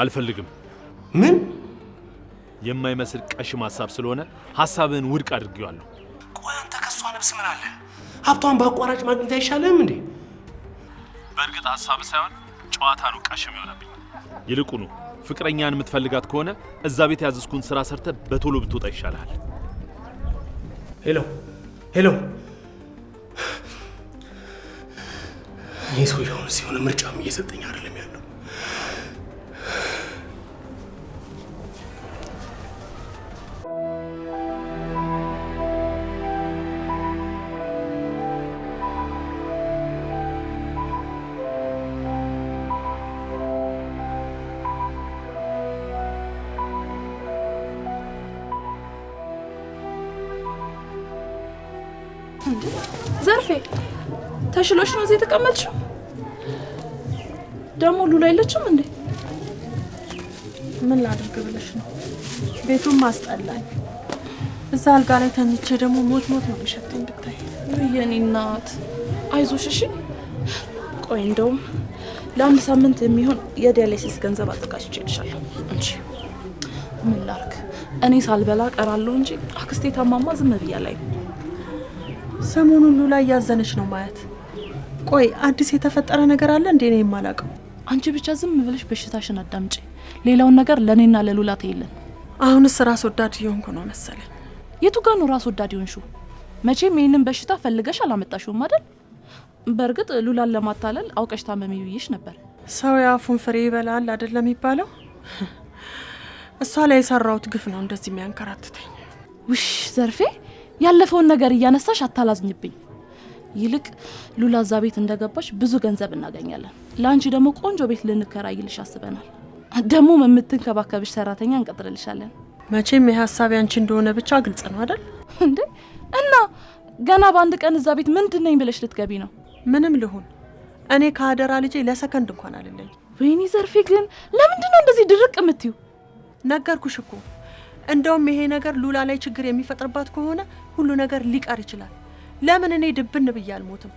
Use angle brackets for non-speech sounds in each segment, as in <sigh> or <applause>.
አልፈልግም። ምን የማይመስል ቀሽም ሀሳብ ስለሆነ ሀሳብህን ውድቅ አድርጌዋለሁ። ቆይ አንተ ከሷ ነብስ ምን አለ? ሀብቷን በአቋራጭ ማግኘት አይሻልም እንዴ? በእርግጥ ሀሳብ ሳይሆን ጨዋታ ነው ቀሽም ይሆነብኝ። ይልቁኑ ፍቅረኛን የምትፈልጋት ከሆነ እዛ ቤት ያዘዝኩን ስራ ሰርተ በቶሎ ብትወጣ ይሻልሃል። ሄሎ ሄሎ፣ ይህ ሰው የሆነ ሲሆነ ምርጫም እየሰጠኝ አይደለም ተሽሎሽ ነው እዚህ የተቀመጥሽው? ደግሞ ሉላ የለችም እንዴ? ምን ላድርግ ብለሽ ነው? ቤቱም አስጠላኝ። እዛ አልጋ ላይ ተኝቼ ደግሞ ሞት ሞት ነው የሚሸተኝ ብታይ። የኔ እናት አይዞሽ እሺ። ቆይ እንደውም ለአንድ ሳምንት የሚሆን የዲያሊሲስ ገንዘብ አዘጋጅቼ እንጂ ምን ላድርግ እኔ ሳልበላ ቀራለሁ እንጂ አክስቴ ታማማ ዝም ብያ ላይ ሰሞኑን ሉላ እያዘነች ነው ማየት። ቆይ አዲስ የተፈጠረ ነገር አለ እንዴ? ነው የማላውቀው። አንቺ ብቻ ዝም ብለሽ በሽታሽን አዳምጪ። ሌላውን ነገር ለእኔና ለሉላ ተይለን። አሁንስ ራስ ወዳድ እየሆንኩ ነው መሰለኝ። የቱ ጋር ነው ራስ ወዳድ ይሆንሹ? መቼም ይህንን በሽታ ፈልገሽ አላመጣሽውም አይደል? በእርግጥ ሉላን ለማታለል አውቀሽ ታመሚ ብዬሽ ነበር። ሰው የአፉን ፍሬ ይበላል አይደለም የሚባለው? እሷ ላይ የሰራሁት ግፍ ነው እንደዚህ የሚያንከራትተኝ። ውሽ ዘርፌ ያለፈውን ነገር እያነሳሽ አታላዝኝብኝ። ይልቅ ሉላ እዛ ቤት እንደገባሽ ብዙ ገንዘብ እናገኛለን። ለአንቺ ደግሞ ቆንጆ ቤት ልንከራይልሽ አስበናል። ደግሞም የምትንከባከብሽ ሰራተኛ እንቀጥርልሻለን። መቼም ይህ ሀሳብ እንደሆነ ብቻ ግልጽ ነው አይደል እንዴ? እና ገና በአንድ ቀን እዛ ቤት ምንድን ነኝ ብለሽ ልትገቢ ነው? ምንም ልሁን እኔ ከአደራ ልጄ ለሰከንድ እንኳን አልለኝ። ወይኔ ዘርፌ፣ ግን ለምንድን ነው እንደዚህ ድርቅ የምትዩ? ነገርኩሽ እኮ እንደውም ይሄ ነገር ሉላ ላይ ችግር የሚፈጥርባት ከሆነ ሁሉ ነገር ሊቀር ይችላል። ለምን እኔ ድብን ብዬ አልሞትም?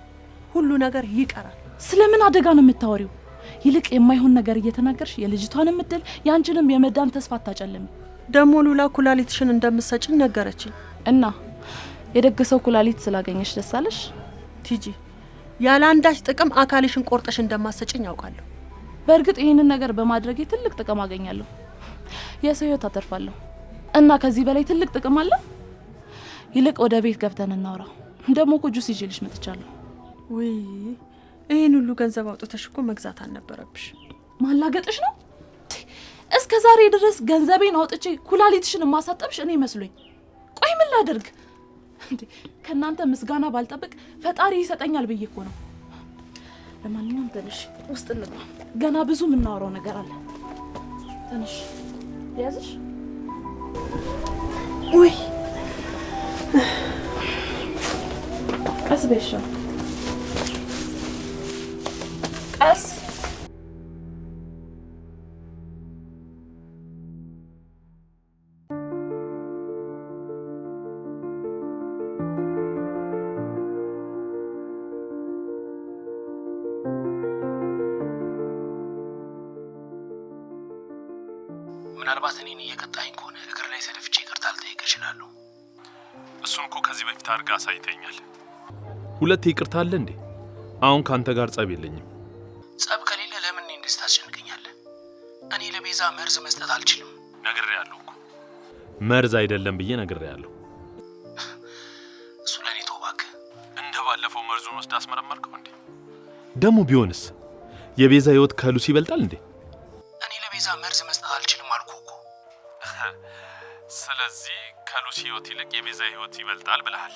ሁሉ ነገር ይቀራል። ስለምን አደጋ ነው የምታወሪው? ይልቅ የማይሆን ነገር እየተናገርሽ የልጅቷንም እድል የአንችንም የመዳን ተስፋ አታጨልም። ደግሞ ሉላ ኩላሊትሽን እንደምትሰጭን ነገረችኝ እና የደገሰው ኩላሊት ስላገኘሽ ደስ አለሽ ቲጂ? ያለ አንዳች ጥቅም አካልሽን ቆርጠሽ እንደማሰጭኝ ያውቃለሁ። በእርግጥ ይህንን ነገር በማድረጌ ትልቅ ጥቅም አገኛለሁ። የሰው ህይወት አተርፋለሁ። እና ከዚህ በላይ ትልቅ ጥቅም አለ? ይልቅ ወደ ቤት ገብተን እናውራ። ደግሞ እኮ ጁስ ይዤልሽ መጥቻለሁ። ውይ ይህን ሁሉ ገንዘብ አውጥተሽ እኮ መግዛት አልነበረብሽ። ማላገጥሽ ነው። እስከ ዛሬ ድረስ ገንዘቤን አውጥቼ ኩላሊትሽን የማሳጠብሽ እኔ መስሎኝ። ቆይ ምን ላደርግ እንዴ? ከእናንተ ምስጋና ባልጠብቅ ፈጣሪ ይሰጠኛል ብዬ እኮ ነው። ለማንኛውም ትንሽ ውስጥ እንግባ፣ ገና ብዙ የምናወራው ነገር አለ። ትንሽ ያዝሽ Ui. As bêcha. ሁለት ይቅርታ አለ እንዴ? አሁን ከአንተ ጋር ጸብ የለኝም። ጸብ ከሌለ ለምን እኔ እንደዚህ ታስጨንቀኛለህ? እኔ ለቤዛ መርዝ መስጠት አልችልም። ነግሬሃለሁ እኮ መርዝ አይደለም ብዬ ነግሬሃለሁ። እሱ ለእኔ ተው እባክህ። እንደ ባለፈው መርዙን ወስድ አስመረመርከው እንዴ? ደግሞ ቢሆንስ የቤዛ ህይወት ከሉሲ ይበልጣል እንዴ? እኔ ለቤዛ መርዝ መስጠት አልችልም አልኩ እኮ። <laughs> ስለዚህ ከሉሲ ህይወት ይልቅ የቤዛ ህይወት ይበልጣል ብለሃል።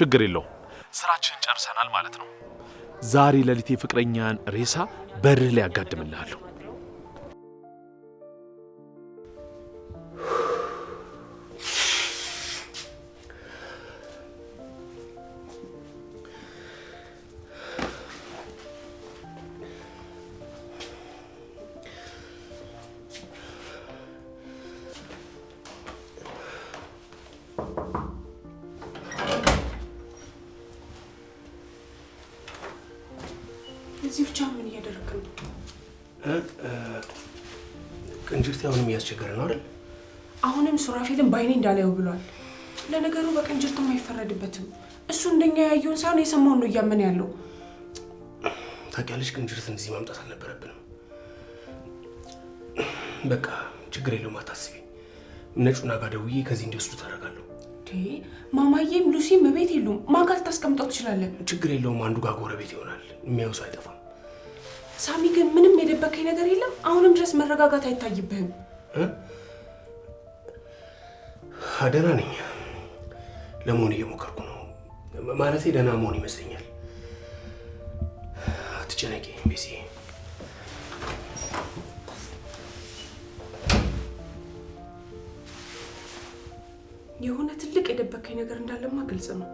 ችግር የለውም። ስራችንን ጨርሰናል ማለት ነው። ዛሬ ሌሊቴ ፍቅረኛን ሬሳ በርህ ላይ ያጋድምልሃለሁ። ብቻ ምን እያደረክ ነው? ቅንጅርቴ አሁንም እያስቸገረ ነው አይደል? አሁንም ሱራፌልን በአይኔ እንዳላየው ብሏል። ለነገሩ በቅንጅርትም አይፈረድበትም። እሱ እንደኛ ያየውን ሳይሆን የሰማውን ነው እያመን ያለው። ታውቂያለሽ፣ ቅንጅርትን እዚህ ማምጣት አልነበረብንም። በቃ ችግር የለውም አታስቢ። ነጩና ጋር ደውዬ ከዚህ እንዲወስዱ ታደርጋለሁ። ማማዬም ሉሲም ቤት የሉም። ማን ጋር ልታስቀምጠው ትችላለን? ችግር የለውም። አንዱ ጋር ጎረቤት ይሆናል። የሚያውሱ አይጠፋም። ሳሚ ግን ምንም የደበከኝ ነገር የለም። አሁንም ድረስ መረጋጋት አይታይብህም። ደህና ነኝ ለመሆን እየሞከርኩ ነው። ማለቴ ደህና መሆን ይመስለኛል። አትጨነቂ ቤዚ። የሆነ ትልቅ የደበከኝ ነገር እንዳለማ ግልጽ ነው።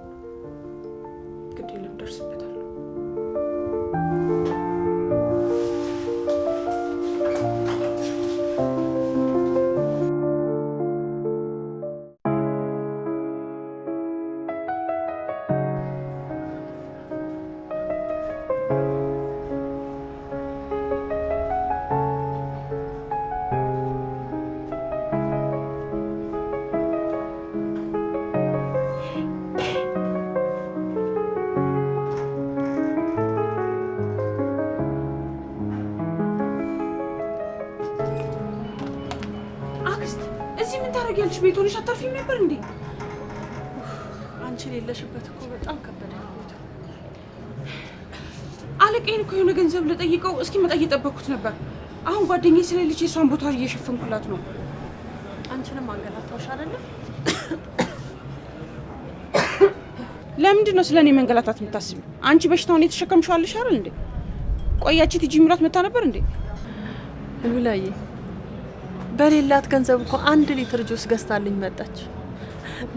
አንቺ ቤት ሆነሽ አታርፊም ነበር እንዴ? አንቺ የሌለሽበት እኮ በጣም ከበደ። አለቃዬን እኮ የሆነ ገንዘብ ለጠይቀው መጣ እየጠበኩት ነበር። አሁን ጓደኛ ስለልጅ የሷን ቦታ እየሸፈንኩላት ነው። አንቺንም አንገላታውሽ አይደለም? ለምንድን ነው ስለ እኔ መንገላታት የምታስብ አንቺ በሽታውን የተሸከምሽዋለሽ አይደል እንዴ? ቆያችት ቲጂ ምራት መታ ነበር እንዴ? ሉላዬ በሌላት ገንዘብ እኮ አንድ ሊትር ጁስ ገዝታልኝ መጣች።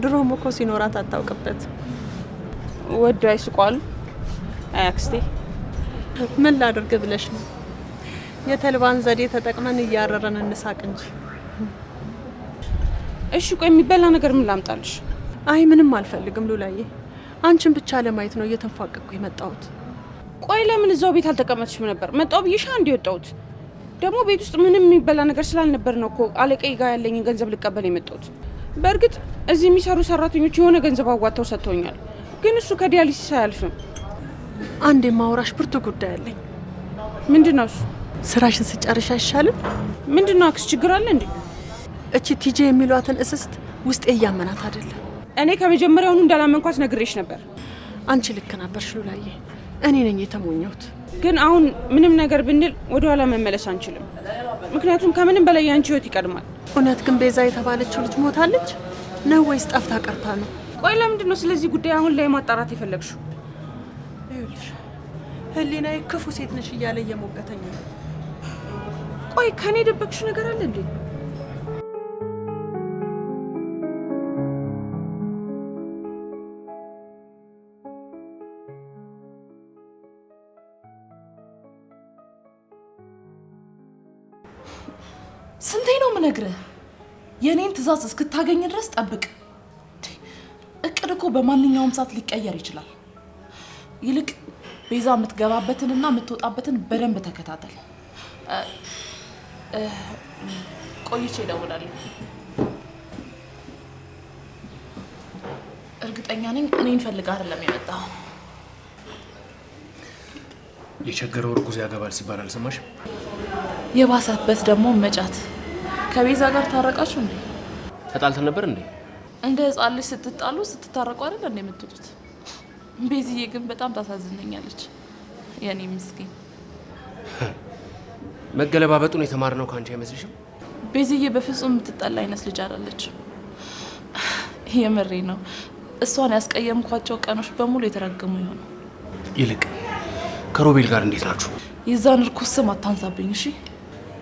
ድሮም እኮ ሲኖራት አታውቅበት። ወዶ አይስቋል። አያክስቴ ምን ላድርግ ብለሽ ነው? የተልባን ዘዴ ተጠቅመን እያረረን እንሳቅ እንጂ። እሺ ቆይ የሚበላ ነገር ምን ላምጣልሽ? አይ ምንም አልፈልግም ሉላዬ፣ አንቺን ብቻ ለማየት ነው እየተንፏቀቅኩ የመጣሁት። ቆይ ለምን እዛው ቤት አልተቀመጥሽም ነበር? መጣሁ ብዬሽ እንዲወጣሁት ደግሞ ቤት ውስጥ ምንም የሚበላ ነገር ስላልነበር ነው እኮ አለቀይ ጋር ያለኝን ገንዘብ ልቀበል የመጣሁት። በእርግጥ እዚህ የሚሰሩ ሰራተኞች የሆነ ገንዘብ አዋጥተው ሰጥተውኛል፣ ግን እሱ ከዲያሊሲስ አያልፍም። አንድ የማውራሽ ብርቱ ጉዳይ አለኝ። ምንድን ነው እሱ? ስራሽን ስጨርሽ አይሻልም? ምንድን ነው አክስ፣ ችግር አለ እንዴ? እቺ ቲጄ የሚሏትን እስስት ውስጤ እያመናት አይደለም። እኔ ከመጀመሪያውኑ እንዳላመንኳት ነግሬሽ ነበር። አንቺ ልክ ነበርሽ ሉላዬ፣ እኔ ነኝ የተሞኘሁት። ግን አሁን ምንም ነገር ብንል ወደኋላ መመለስ አንችልም። ምክንያቱም ከምንም በላይ ያንቺ ህይወት ይቀድማል። እውነት ግን ቤዛ የተባለችው ልጅ ሞታለች ነው ወይስ ጠፍታ ቀርታ ነው? ቆይ ለምንድን ነው ስለዚህ ጉዳይ አሁን ላይ ማጣራት የፈለግሽው? ህሊና ክፉ ሴት ነሽ እያለ እየሞገተኝ ነው። ቆይ ከኔ የደበቅሽው ነገር አለ እንዴ? ስንቴ ነው የምነግርህ? የእኔን ትዕዛዝ እስክታገኝ ድረስ ጠብቅ። እቅድ እኮ በማንኛውም ሰዓት ሊቀየር ይችላል። ይልቅ ቤዛ የምትገባበትንና የምትወጣበትን በደንብ ተከታተል። ቆይቼ እደውላለሁ። እርግጠኛ ነኝ እኔን ፈልጋ አይደለም የመጣው። የቸገረው እርጉዝ ያገባል ሲባል አልሰማሽም? የባሰበት ደግሞ መጫት ከቤዛ ጋር ታረቃችሁ እንዴ? ተጣልተን ነበር እንዴ? እንደ ህፃን ልጅ ስትጣሉ ስትታረቁ አይደል እንደ የምትሉት። ቤዝዬ ግን በጣም ታሳዝነኛለች። የኔ ምስኪን <laughs> መገለባበጡን የተማርነው ከአንቺ አይመስልሽም? ቤዝዬ በፍጹም የምትጠላ አይነት ልጅ አላለች። <sighs> የምሬ ነው። እሷን ያስቀየምኳቸው ቀኖች በሙሉ የተረገሙ ይሆኑ። ይልቅ ከሮቤል ጋር እንዴት ናችሁ? የዛን እርኩስ ስም አታንሳብኝ እሺ።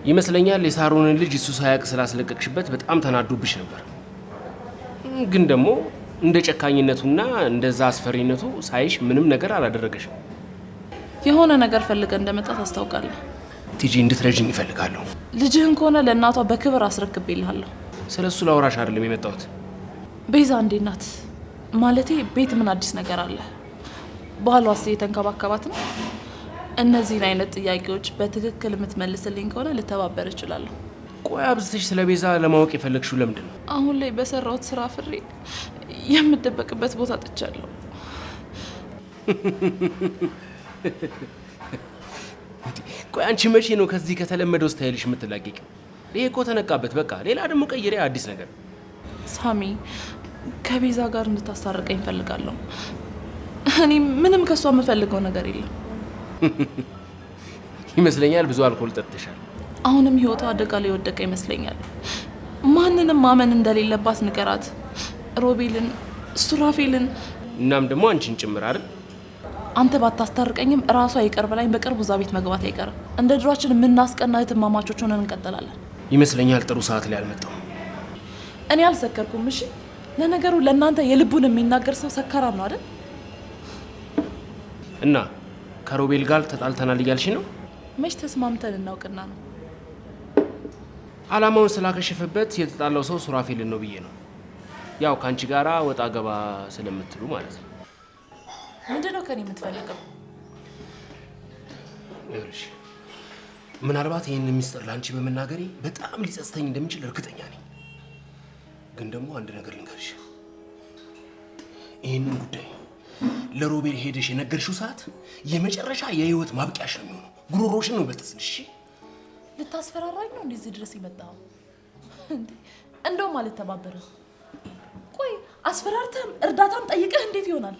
ይመስለኛል የሳሩንን ልጅ እሱ ሳያቅ ስላስለቀቅሽበት በጣም ተናዶብሽ ነበር። ግን ደግሞ እንደ ጨካኝነቱና እንደዛ አስፈሪነቱ ሳይሽ ምንም ነገር አላደረገሽም። የሆነ ነገር ፈልገ እንደመጣ ታስታውቃለህ። ቲጂ እንድትረጅኝ ይፈልጋለሁ። ልጅህን ከሆነ ለእናቷ በክብር አስረክብ ይልሃለሁ። ስለ እሱ ላውራሽ አይደለም የመጣሁት። ቤዛ እንዴት ናት? ማለቴ ቤት ምን አዲስ ነገር አለ? ባሏስ እየተንከባከባት ነው? እነዚህን አይነት ጥያቄዎች በትክክል የምትመልስልኝ ከሆነ ልተባበር እችላለሁ። ቆይ አብዝተሽ ስለ ቤዛ ለማወቅ የፈለግሽው ለምንድን ነው? አሁን ላይ በሰራሁት ስራ ፍሬ የምደበቅበት ቦታ ጥቻለሁ። <laughs> ቆይ አንቺ መቼ ነው ከዚህ ከተለመደው ስታይልሽ የምትላቀቂው? ይሄ እኮ ተነቃበት። በቃ ሌላ ደግሞ ቀይሬ አዲስ ነገር። ሳሚ ከቤዛ ጋር እንድታስታርቀኝ እፈልጋለሁ። እኔ ምንም ከእሷ የምፈልገው ነገር የለም። <laughs> ይመስለኛል ብዙ አልኮል ጠጥሻል። አሁንም ህይወቷ አደጋ ላይ የወደቀ ይመስለኛል። ማንንም ማመን እንደሌለባት ንገራት። ሮቤልን፣ ሱራፌልን እናም ደግሞ አንቺን ጭምር አይደል? አንተ ባታስታርቀኝም እራሷ ይቅር ላይ በቅርቡ እዛ ቤት መግባት አይቀርም። እንደ ድሯችን የምናስቀና እህትማማቾች ሆነን እንቀጥላለን። ይመስለኛል ጥሩ ሰዓት ላይ አልመጣሁም። እኔ አልሰከርኩም። እሺ፣ ለነገሩ ለእናንተ የልቡን የሚናገር ሰው ሰከራም ነው አይደል? እና ከሮቤል ጋር ተጣልተናል እያልሽ ነው? መች ተስማምተን እናውቅና ነው። አላማውን ስላከሸፈበት የተጣላው ሰው ሱራፌልን ነው ብዬ ነው። ያው ከአንቺ ጋራ ወጣ ገባ ስለምትሉ ማለት ነው። ምንድን ነው ከኔ የምትፈልገው? ይኸውልሽ ምናልባት ይህንን ሚስጥር ለአንቺ በመናገሬ በጣም ሊጸጽተኝ እንደምችል እርግጠኛ ነኝ። ግን ደግሞ አንድ ነገር ልንገርሽ፣ ይህንን ጉዳይ ለሮቤል ሄደሽ የነገርሽው ሰዓት የመጨረሻ የህይወት ማብቂያሽ ነው የሚሆነው። ጉሮሮሽን ነው ይበልጥስልሽ። እሺ ልታስፈራራኝ ነው እንደዚህ ድረስ የመጣው? እንደውም አልተባበረም። ቆይ አስፈራርተም እርዳታም ጠይቀህ እንዴት ይሆናል?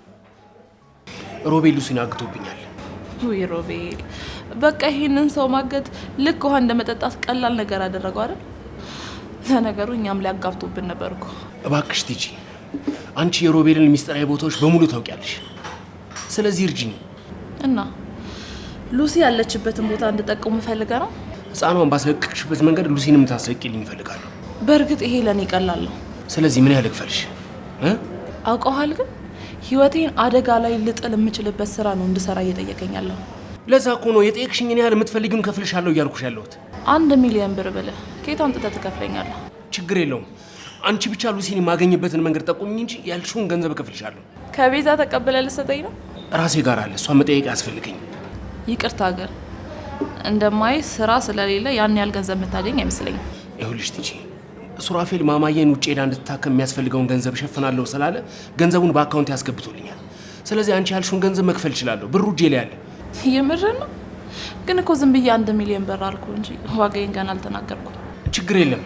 ሮቤል ሉሲን አግቶብኛል። ውይ ሮቤል፣ በቃ ይህንን ሰው ማገት ልክ ውሃ እንደመጠጣት ቀላል ነገር አደረገው አይደል? ለነገሩ እኛም ሊያጋብቶብን ነበር እኮ። እባክሽ ትጂ አንቺ የሮቤልን ሚስጥራዊ ቦታዎች በሙሉ ታውቂያለሽ። ስለዚህ እርጅኒ እና ሉሲ ያለችበትን ቦታ እንድጠቀሙ ፈልገ ነው። ህፃኗን ባሰቅቅሽበት መንገድ ሉሲን የምታስለቅልኝ ይፈልጋለሁ። በእርግጥ ይሄ ለእኔ ቀላል ነው። ስለዚህ ምን ያህል ክፈልሽ አውቀዋል፣ ግን ህይወቴን አደጋ ላይ ልጥል የምችልበት ስራ ነው እንድሰራ እየጠየቀኝ ለዛ እኮ ነው የጠየቅሽኝን ያህል የምትፈልጊውን ከፍልሻለሁ እያልኩሽ ያለሁት። አንድ ሚሊዮን ብር ብለህ ከየት አምጥተህ ትከፍለኛለህ? ችግር የለውም አንቺ ብቻ ሉሲን የማገኝበትን መንገድ ጠቁኝ እንጂ ያልሽውን ገንዘብ እከፍልሻለሁ። ከቤዛ ተቀበለ ልሰጠኝ ነው? ራሴ ጋር አለ፣ እሷ መጠየቅ አያስፈልገኝ። ይቅርታ ሀገር፣ እንደማይ ስራ ስለሌለ ያን ያህል ገንዘብ የምታገኝ አይመስለኝም። ይኸውልሽ ትጂ ሱራፌል ማማዬን ውጭ ሄዳ እንድትታከም የሚያስፈልገውን ገንዘብ እሸፍናለሁ ስላለ ገንዘቡን በአካውንት ያስገብቶልኛል። ስለዚህ አንቺ ያልሽውን ገንዘብ መክፈል እችላለሁ። ብሩ እጄ ላይ አለ። የምርን ነው ግን እኮ ዝም ብዬ አንድ ሚሊዮን ብር አልኩ እንጂ ዋጋዬን ገና አልተናገርኩም። ችግር የለም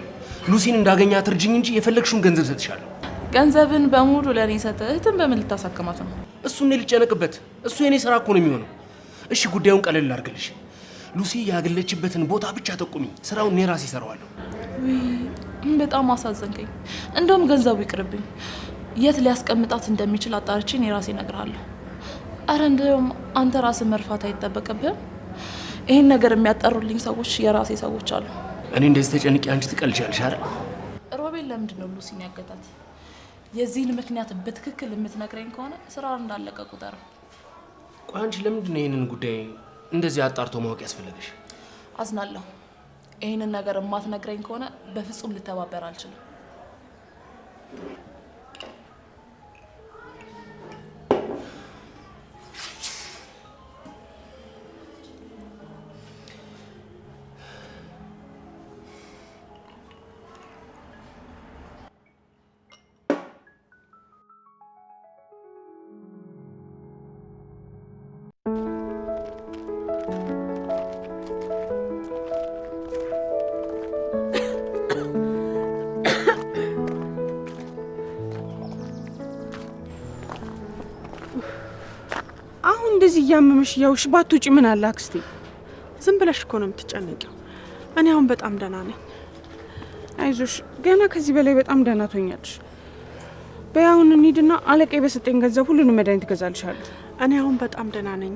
ሉሲን እንዳገኛ ትርጅኝ እንጂ የፈለግሽውን ገንዘብ ሰጥሻለሁ። ገንዘብን በሙሉ ለእኔ ሰጠ፣ እህትን በምን ልታሳክማት ነው? እሱ እኔ ልጨነቅበት? እሱ የእኔ ስራ እኮ ነው የሚሆነው። እሺ ጉዳዩን ቀለል ላርግልሽ። ሉሲ ያገለችበትን ቦታ ብቻ ጠቁሚ፣ ስራውን እኔ ራሴ እሰራዋለሁ። በጣም አሳዘንከኝ። እንደውም ገንዘቡ ይቅርብኝ፣ የት ሊያስቀምጣት እንደሚችል አጣርቼ እኔ ራሴ እነግርሃለሁ። አረ እንደውም አንተ ራስን መርፋት አይጠበቅብህም። ይህን ነገር የሚያጠሩልኝ ሰዎች የራሴ ሰዎች አሉ። እኔ እንደዚህ ተጨንቄ አንቺ ትቀልጃለሽ አይደል? ሮቤል ለምንድን ነው ሉሲን ያገታት? የዚህን ምክንያት በትክክል የምትነግረኝ ከሆነ ስራውን እንዳለቀ ቁጠር። ቆይ አንቺ ለምንድን ነው ይህንን ጉዳይ እንደዚህ አጣርቶ ማወቅ ያስፈለገሽ? አዝናለሁ። ይህንን ነገር የማትነግረኝ ከሆነ በፍጹም ልተባበር አልችልም። እያመመሽ እያውሽ ባትውጪ ምን አለ አክስቴ? ዝም ብለሽ እኮ ነው የምትጨነቂው። እኔ አሁን በጣም ደህና ነኝ። አይዞሽ፣ ገና ከዚህ በላይ በጣም ደህና ትሆኛለሽ። በይ አሁን እንሂድና አለቃዬ በሰጠኝ ገንዘብ ሁሉንም መድኃኒት እገዛልሻለሁ። እኔ አሁን በጣም ደህና ነኝ።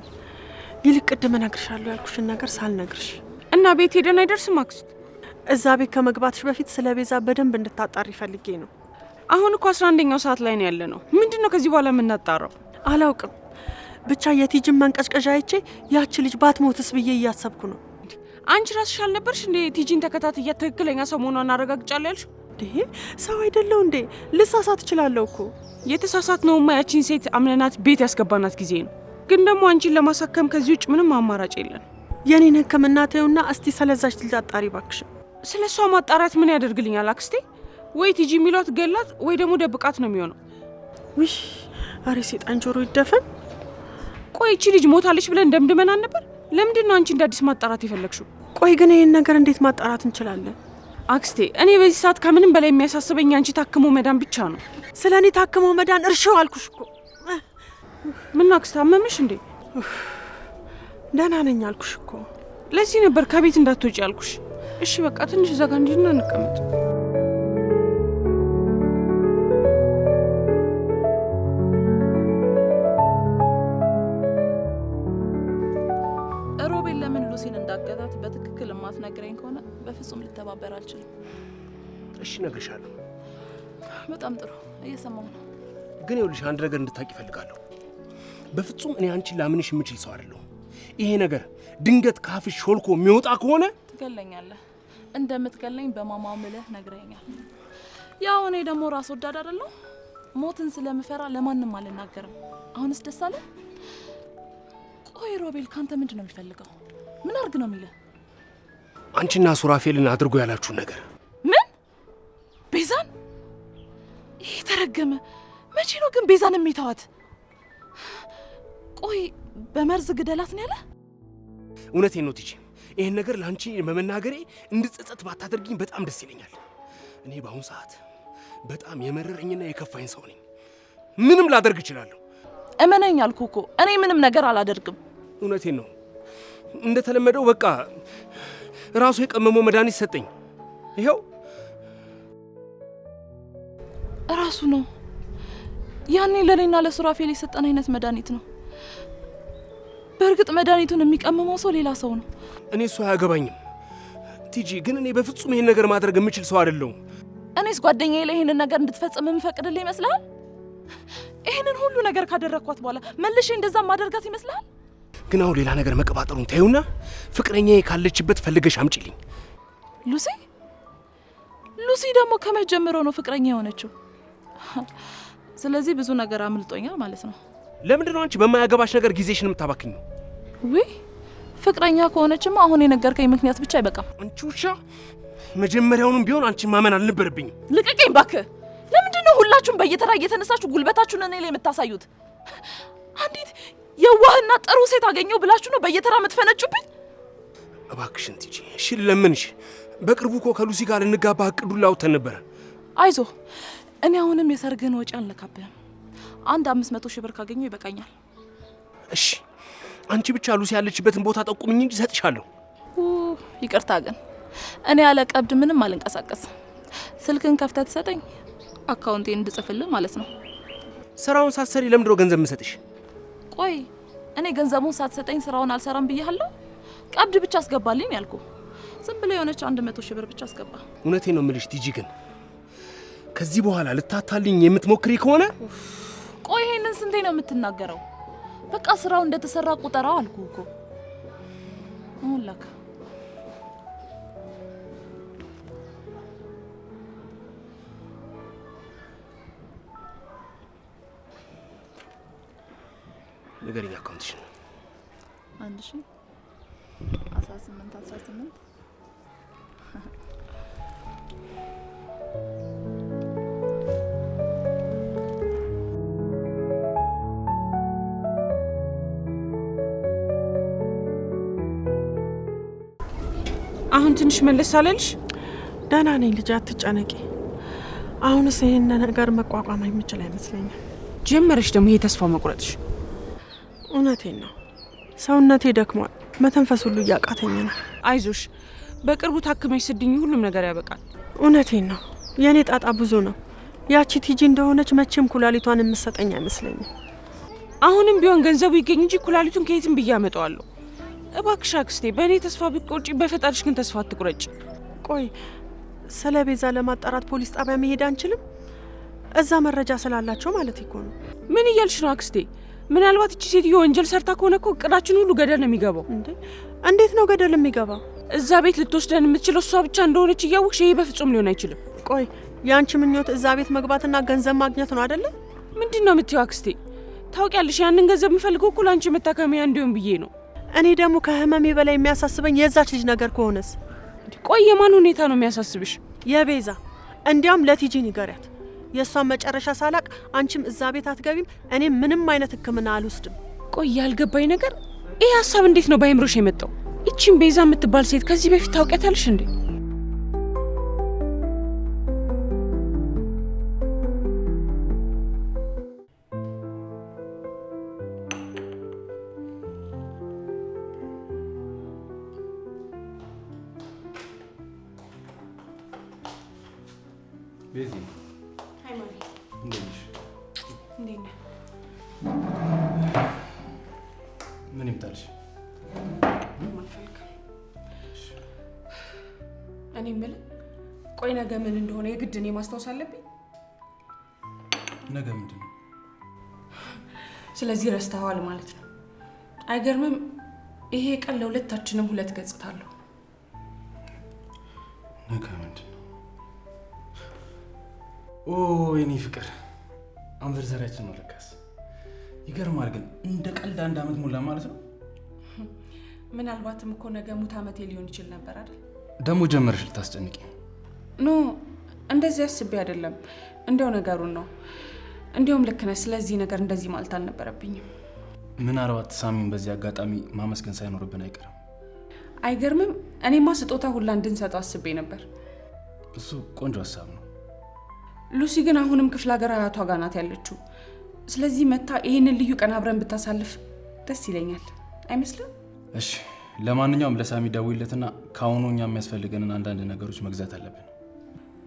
ይልቅ ቅድም እነግርሻለሁ ያልኩሽን ነገር ሳልነግርሽ እና ቤት ሄደን አይደርስም አክስት? እዛ ቤት ከመግባትሽ በፊት ስለ ቤዛ በደንብ እንድታጣሪ ፈልጌ ነው። አሁን እኮ አስራ አንደኛው ሰዓት ላይ ነው ያለ ነው። ምንድን ነው ከዚህ በኋላ የምናጣራው? አላውቅም ብቻ የቲጅን መንቀዥቀዣ አይቼ ያቺ ልጅ ባትሞትስ ብዬ እያሰብኩ ነው። አንቺ ራስሽ አልነበርሽ እንዴ ቲጂን ተከታትያ ትክክለኛ ሰው መሆኗን አረጋግጫለሁ ያልሽ? እንዴ ሰው አይደለው እንዴ? ልሳሳት እችላለሁ እኮ። የተሳሳት ነውማ ያቺን ሴት አምነናት ቤት ያስገባናት ጊዜ ነው። ግን ደግሞ አንቺን ለማሳከም ከዚህ ውጭ ምንም አማራጭ የለን። የኔን ሕክምና ተይውና እስቲ ስለዛች ልጅ አጣሪ ባክሽ። ስለ እሷ ማጣራት ምን ያደርግልኛል አክስቴ? ወይ ቲጂ የሚሏት ገላት ወይ ደግሞ ደብቃት ነው የሚሆነው። ውሽ አሬ ሴጣን ጆሮ ይደፈን። ቆይ እቺ ልጅ ሞታለች ብለን ደምድመን አልነበር? ለምንድን ነው አንቺ እንደ አዲስ ማጣራት የፈለግሽው? ቆይ ግን ይህን ነገር እንዴት ማጣራት እንችላለን? አክስቴ፣ እኔ በዚህ ሰዓት ከምንም በላይ የሚያሳስበኝ አንቺ ታክሞ መዳን ብቻ ነው። ስለ እኔ ታክሞ መዳን እርሻው አልኩሽ እኮ። ምን አክስቴ፣ አመመሽ እንዴ? ደህና ነኝ አልኩሽ እኮ። ለዚህ ነበር ከቤት እንዳትወጪ አልኩሽ እሺ በቃ ትንሽ ዘጋ እንዲና እንቀመጥ ልተባበር አልችልም። እሺ እነግርሻለሁ። በጣም ጥሩ እየሰማሁ ነው። ግን ይኸውልሽ አንድ ነገር እንድታውቂ ይፈልጋለሁ በፍጹም እኔ አንቺን ላምንሽ የምችል ሰው አይደለሁም። ይሄ ነገር ድንገት ካፍሽ ሾልኮ የሚወጣ ከሆነ ትገለኛለህ። እንደምትገለኝ በማማምለህ ነግረኛል። ያው እኔ ደግሞ ራስ ወዳድ አይደለሁ። ሞትን ስለምፈራ ለማንም አልናገርም። አሁንስ ደስ አለ። ቆይ ሮቤል፣ ካንተ ምንድን ነው የሚፈልገው? ምን አርግ ነው የሚልህ? አንቺና ሱራፌልን አድርጎ ያላችሁን ነገር ምን? ቤዛን? ይሄ ተረገመ። መቼ ነው ግን ቤዛን የሚተዋት? ቆይ በመርዝ ግደላት ነው ያለ? እውነቴን ነው ቲጂ። ይህን ነገር ለአንቺ መመናገሬ እንድጸጸት ባታደርግኝ በጣም ደስ ይለኛል። እኔ በአሁኑ ሰዓት በጣም የመረረኝና የከፋኝ ሰው ነኝ። ምንም ላደርግ እችላለሁ። እመነኝ አልኩ እኮ እኔ ምንም ነገር አላደርግም። እውነቴን ነው። እንደተለመደው በቃ ራሱ የቀመመው መድኃኒት ሰጠኝ። ይኸው ራሱ ነው። ያኔ ለኔና ለሱራፌል የሰጠን አይነት መድኃኒት ነው። በእርግጥ መድኃኒቱን የሚቀምመው ሰው ሌላ ሰው ነው። እኔ እሱ አያገባኝም ቲጂ፣ ግን እኔ በፍጹም ይሄን ነገር ማድረግ የምችል ሰው አይደለሁም። እኔስ ጓደኛ ላይ ይህንን ነገር እንድትፈጽም የምፈቅድልህ ይመስላል። ይህንን ሁሉ ነገር ካደረግኳት በኋላ መልሼ እንደዛ ማደርጋት ይመስላል። ግን አሁን ሌላ ነገር መቀባጠሩን ታዩና ፍቅረኛዬ ካለችበት ፈልገሽ አምጪልኝ። ሉሲ ሉሲ ደግሞ ከመጀመሩ ነው ፍቅረኛ የሆነችው። ስለዚህ ብዙ ነገር አምልጦኛል ማለት ነው። ለምንድን ነው አንቺ በማያገባሽ ነገር ጊዜሽን የምታባክኝው? ውይ ፍቅረኛ ከሆነችማ አሁን የነገርከኝ ምክንያት ብቻ አይበቃም። አንቺ ውሻ፣ መጀመሪያውንም ቢሆን አንቺን ማመን አልነበረብኝም። ልቀቀኝ ባክ። ለምንድን ነው ሁላችሁም በየተራ እየተነሳችሁ ጉልበታችሁን እኔ ላይ የምታሳዩት? አንዲት የዋህና ጥሩ ሴት አገኘው ብላችሁ ነው በየተራ የምትፈነጩብኝ? እባክሽን ቲጂ፣ እሺ ልለምንሽ። በቅርቡ እኮ ከሉሲ ጋር ልንጋባ እቅዱን ላውተን ነበረ። አይዞ፣ እኔ አሁንም የሰርግን ወጪ አልነካብህም። አንድ አምስት መቶ ሺህ ብር ካገኘው ይበቃኛል። እሺ፣ አንቺ ብቻ ሉሲ ያለችበትን ቦታ ጠቁምኝ እንጂ ሰጥሻለሁ። ይቅርታ ግን እኔ ያለ ቀብድ ምንም አልንቀሳቀስም። ስልክን ከፍተህ ትሰጠኝ አካውንቴን እንድጽፍልህ ማለት ነው። ስራውን ሳሰሪ ለምድሮ ገንዘብ ምሰጥሽ ቆይ እኔ ገንዘቡን ሳትሰጠኝ ስራውን አልሰራም ብያለሁ? ቀብድ ብቻ አስገባልኝ ያልኩ ዝም ብሎ የሆነች አንድ መቶ ሺህ ብር ብቻ አስገባ። እውነቴ ነው የምልሽ ቲጂ፣ ግን ከዚህ በኋላ ልታታልኝ የምትሞክሪ ከሆነ ቆይ ይሄንን ስንቴ ነው የምትናገረው? በቃ ስራው እንደተሰራ ቁጠራው አልኩ እኮ አሁን ንገሪኝ አካውንትሽን። አንድ ሺ አስራ ስምንት አስራ ስምንት አሁን ትንሽ መለስ አለልሽ። ደህና ነኝ ልጅ፣ አትጨነቂ። አሁንስ ይህን ነገር መቋቋም የምችል አይመስለኛል። ጀመረሽ ደግሞ ይሄ ተስፋ መቁረጥሽ እውነቴን ነው። ሰውነቴ ደክሟል። መተንፈስ ሁሉ እያቃተኝ ነው። አይዞሽ፣ በቅርቡ ታክመሽ ስድኝ ሁሉም ነገር ያበቃል። እውነቴን ነው። የእኔ ጣጣ ብዙ ነው። ያቺ ቲጂ እንደሆነች መቼም ኩላሊቷን የምሰጠኝ አይመስለኝም። አሁንም ቢሆን ገንዘቡ ይገኝ እንጂ ኩላሊቱን ከየትም ብዬ አመጣዋለሁ። እባክሽ አክስቴ፣ በእኔ ተስፋ ብትቆርጪ፣ በፈጣሪሽ ግን ተስፋ አትቁረጭ። ቆይ ስለ ቤዛ ለማጣራት ፖሊስ ጣቢያ መሄድ አንችልም? እዛ መረጃ ስላላቸው ማለት ይኮኑ። ምን እያልሽ ነው አክስቴ? ምናልባት እቺ ሴትዮ ወንጀል ሰርታ ከሆነ እኮ እቅዳችን ሁሉ ገደል ነው የሚገባው። እንዴት ነው ገደል የሚገባው? እዛ ቤት ልትወስደን የምትችለው እሷ ብቻ እንደሆነች እያወቅሽ ይሄ በፍጹም ሊሆን አይችልም። ቆይ የአንቺ ምኞት እዛ ቤት መግባትና ገንዘብ ማግኘት ነው አደለ? ምንድን ነው የምትይው አክስቴ? ታውቂያለሽ ያንን ገንዘብ የምፈልገው እኮ ለአንቺ መታከሚያ እንዲሆን ብዬ ነው። እኔ ደግሞ ከህመሜ በላይ የሚያሳስበኝ የዛች ልጅ ነገር ከሆነስ? ቆይ የማን ሁኔታ ነው የሚያሳስብሽ? የቤዛ እንዲያውም ለቲጂ ንገሪያት የእሷን መጨረሻ ሳላቅ አንቺም እዛ ቤት አትገቢም፣ እኔም ምንም አይነት ሕክምና አልወስድም። ቆይ ያልገባኝ ነገር ይህ ሀሳብ እንዴት ነው በአይምሮሽ የመጣው? ይቺም ቤዛ የምትባል ሴት ከዚህ በፊት ታውቂያታለሽ እንዴ? ማስታወስ አለብኝ። ነገ ምንድን ነው? ስለዚህ ረስተዋል ማለት ነው። አይገርምም? ይሄ ቀን ለሁለታችንም ሁለት ገጽታ አለው። ነገ ምንድን ነው? ኦ የኔ ፍቅር አንቨርሰሪያችን ነው ለካስ። ይገርማል ግን እንደ ቀልድ አንድ አመት ሞላ ማለት ነው። ምናልባትም እኮ ነገ ሙት አመቴ ሊሆን ይችል ነበር አይደል? ደግሞ ጀመረሽ ልታስጨንቂ ኖ እንደዚህ አስቤ አይደለም፣ እንደው ነገሩን ነው። እንዲሁም ልክ ነህ። ስለዚህ ነገር እንደዚህ ማለት አልነበረብኝም። ምናልባት ሳሚን በዚህ አጋጣሚ ማመስገን ሳይኖርብን አይቀርም። አይገርምም? እኔማ ስጦታ ሁላ እንድንሰጠው አስቤ ነበር። እሱ ቆንጆ ሀሳብ ነው። ሉሲ ግን አሁንም ክፍለ ሀገር አያቷ ጋር ናት ያለችው። ስለዚህ መታ ይህንን ልዩ ቀን አብረን ብታሳልፍ ደስ ይለኛል። አይመስልም? እሺ፣ ለማንኛውም ለሳሚ ደውይለትና ከአሁኑ እኛ የሚያስፈልገንን አንዳንድ ነገሮች መግዛት አለብን።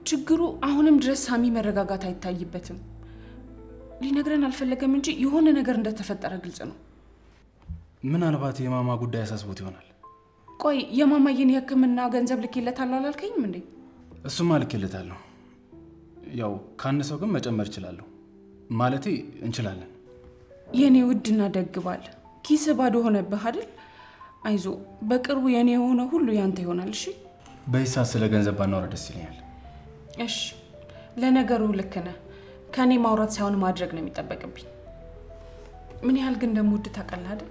ችግሩ አሁንም ድረስ ሳሚ መረጋጋት አይታይበትም። ሊነግረን አልፈለገም እንጂ የሆነ ነገር እንደተፈጠረ ግልጽ ነው። ምናልባት የማማ ጉዳይ አሳስቦት ይሆናል። ቆይ የማማዬን የሕክምና ገንዘብ ልኬለታለሁ አላልከኝም እንዴ? እሱማ ልኬለታለሁ። ያው ከአንድ ሰው ግን መጨመር እችላለሁ ማለቴ እንችላለን። የእኔ ውድና ደግ ኪስ ባዶ ሆነብህ አይደል? አይዞ በቅርቡ የእኔ የሆነ ሁሉ ያንተ ይሆናል። እሺ በይሳ ስለ ገንዘብ ባናወራ ደስ ይለኛል። እሺ ለነገሩ ልክ ነህ። ከእኔ ማውራት ሳይሆን ማድረግ ነው የሚጠበቅብኝ። ምን ያህል ግን እንደምወድ ታውቃለህ አይደል?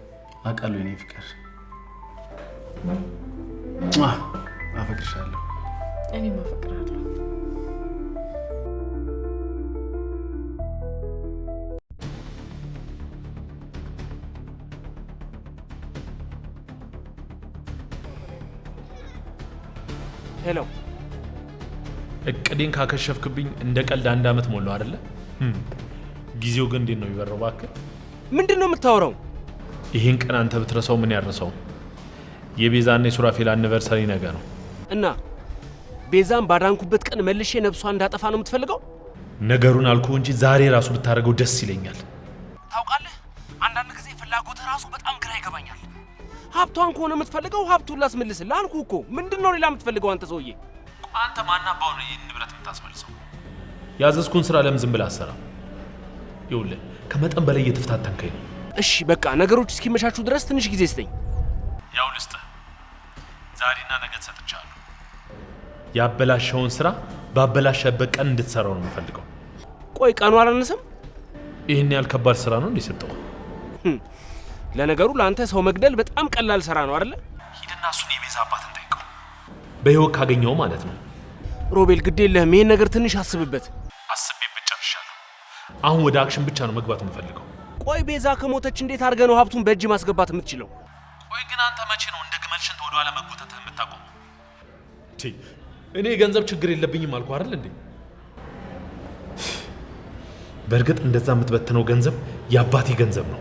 አቀሉ የእኔ ፍቅር፣ አፈቅርሻለሁ። እኔ አፈቅርሃለሁ። ሄሎ እቅዴን ካከሸፍክብኝ እንደ ቀልድ አንድ ዓመት ሞላው አደለ? ጊዜው ግን እንዴት ነው የሚበረው? እባክህ ምንድን ነው የምታወራው? ይህን ቀን አንተ ብትረሰው ምን ያረሰው? የቤዛና የሱራፌል አኒቨርሰሪ ነገ ነው እና ቤዛን ባዳንኩበት ቀን መልሼ ነብሷ እንዳጠፋ ነው የምትፈልገው? ነገሩን አልኮ እንጂ ዛሬ ራሱ ብታደርገው ደስ ይለኛል። ታውቃለህ፣ አንዳንድ ጊዜ ፍላጎትህ ራሱ በጣም ግራ ይገባኛል። ሀብቷን ከሆነ የምትፈልገው ሀብቱን ላስመልስልህ አልኩ እኮ። ምንድን ነው ሌላ የምትፈልገው አንተ ሰውዬ? አንተ ማና አባው ነው ይህን ንብረት የምታስመልሰው? ያዘዝኩን ስራ ለምን ዝም ብለህ አሰራ? ይኸውልህ ከመጠን በላይ እየተፈታተንከኝ ነው። እሺ በቃ ነገሮች እስኪመቻቹ ድረስ ትንሽ ጊዜ ስጠኝ። ያው ልስጥህ፣ ዛሬና ነገ ሰጥቻለሁ። ያበላሸውን ስራ ባበላሸበት ቀን እንድትሰራው ነው የምፈልገው። ቆይ ቀኑ አላነሰም? ይህን ያህል ከባድ ስራ ነው እንዲሰጠው? ለነገሩ ለአንተ ሰው መግደል በጣም ቀላል ስራ ነው አይደለ? ሂድና እሱን የቤዛ አባትን ጠይቀው፣ በህይወት ካገኘው ማለት ነው። ሮቤል ግድ የለህም፣ ይህን ነገር ትንሽ አስብበት። አስቤበት ጨርሻለሁ። አሁን ወደ አክሽን ብቻ ነው መግባት የምፈልገው። ቆይ ቤዛ ከሞተች እንዴት አድርገህ ነው ሀብቱን በእጅ ማስገባት የምትችለው? ቆይ ግን አንተ መቼ ነው እንደ ግመል ሽንት ኋላ መጎተትህ የምታቆሙ? እኔ የገንዘብ ችግር የለብኝም አልኩ አይደል እንዴ? በእርግጥ እንደዛ የምትበትነው ገንዘብ የአባቴ ገንዘብ ነው።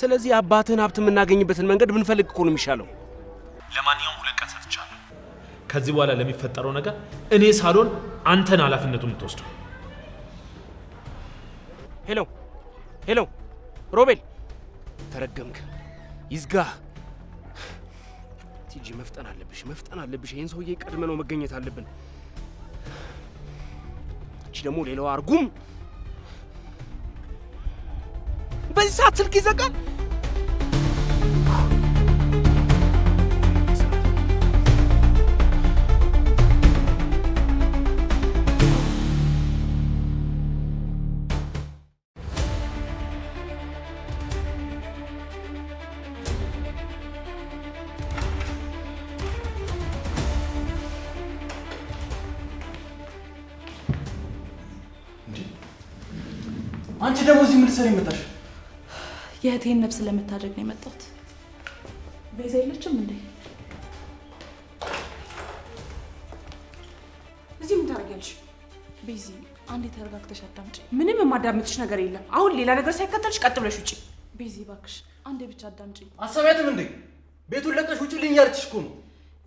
ስለዚህ አባትህን ሀብት የምናገኝበትን መንገድ ብንፈልግ እኮ ነው የሚሻለው። ለማንኛውም ሁለት ቀን ሰጥቻለሁ። ከዚህ በኋላ ለሚፈጠረው ነገር እኔ ሳልሆን አንተን ኃላፊነቱን የምትወስደው። ሄሎ ሄሎ፣ ሮቤል ተረገምክ። ይዝጋ ቲጂ፣ መፍጠን አለብሽ፣ መፍጠን አለብሽ። ይህን ሰውዬ ቀድመ ነው መገኘት አለብን። እቺ ደግሞ ሌላዋ አርጉም በዚህ ሰዓት ስልክ ይዘጋል። አንቺ ደግሞ እዚህ ምን ልትሰሪ መጣሽ? የእህቴን ነፍስ ለመታደግ ነው የመጣሁት። ቤዛ የለችም እንዴ? እዚህ ምን ታደርጊያለሽ? ቤዚ አንዴ ተረጋግተሽ አዳምጪ። ምንም የማዳምጥሽ ነገር የለም። አሁን ሌላ ነገር ሳይከተልሽ ቀጥ ብለሽ ውጪ። ቤዚ እባክሽ አንዴ ብቻ አዳምጪ። አሰሚያትም እንዴ? ቤቱን ለቀሽ ውጪ ልኝ ያለችሽ እኮ ነው።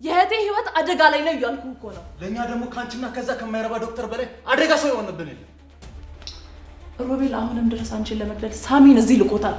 የእህቴ ህይወት አደጋ ላይ ነው እያልኩ እኮ ነው። ለእኛ ደግሞ ከአንቺና ከዛ ከማይረባ ዶክተር በላይ አደጋ ሰው የሆነብን የለም ሮቤል አሁንም ድረስ አንቺን ለመግደል ሳሚን እዚህ ልኮታል።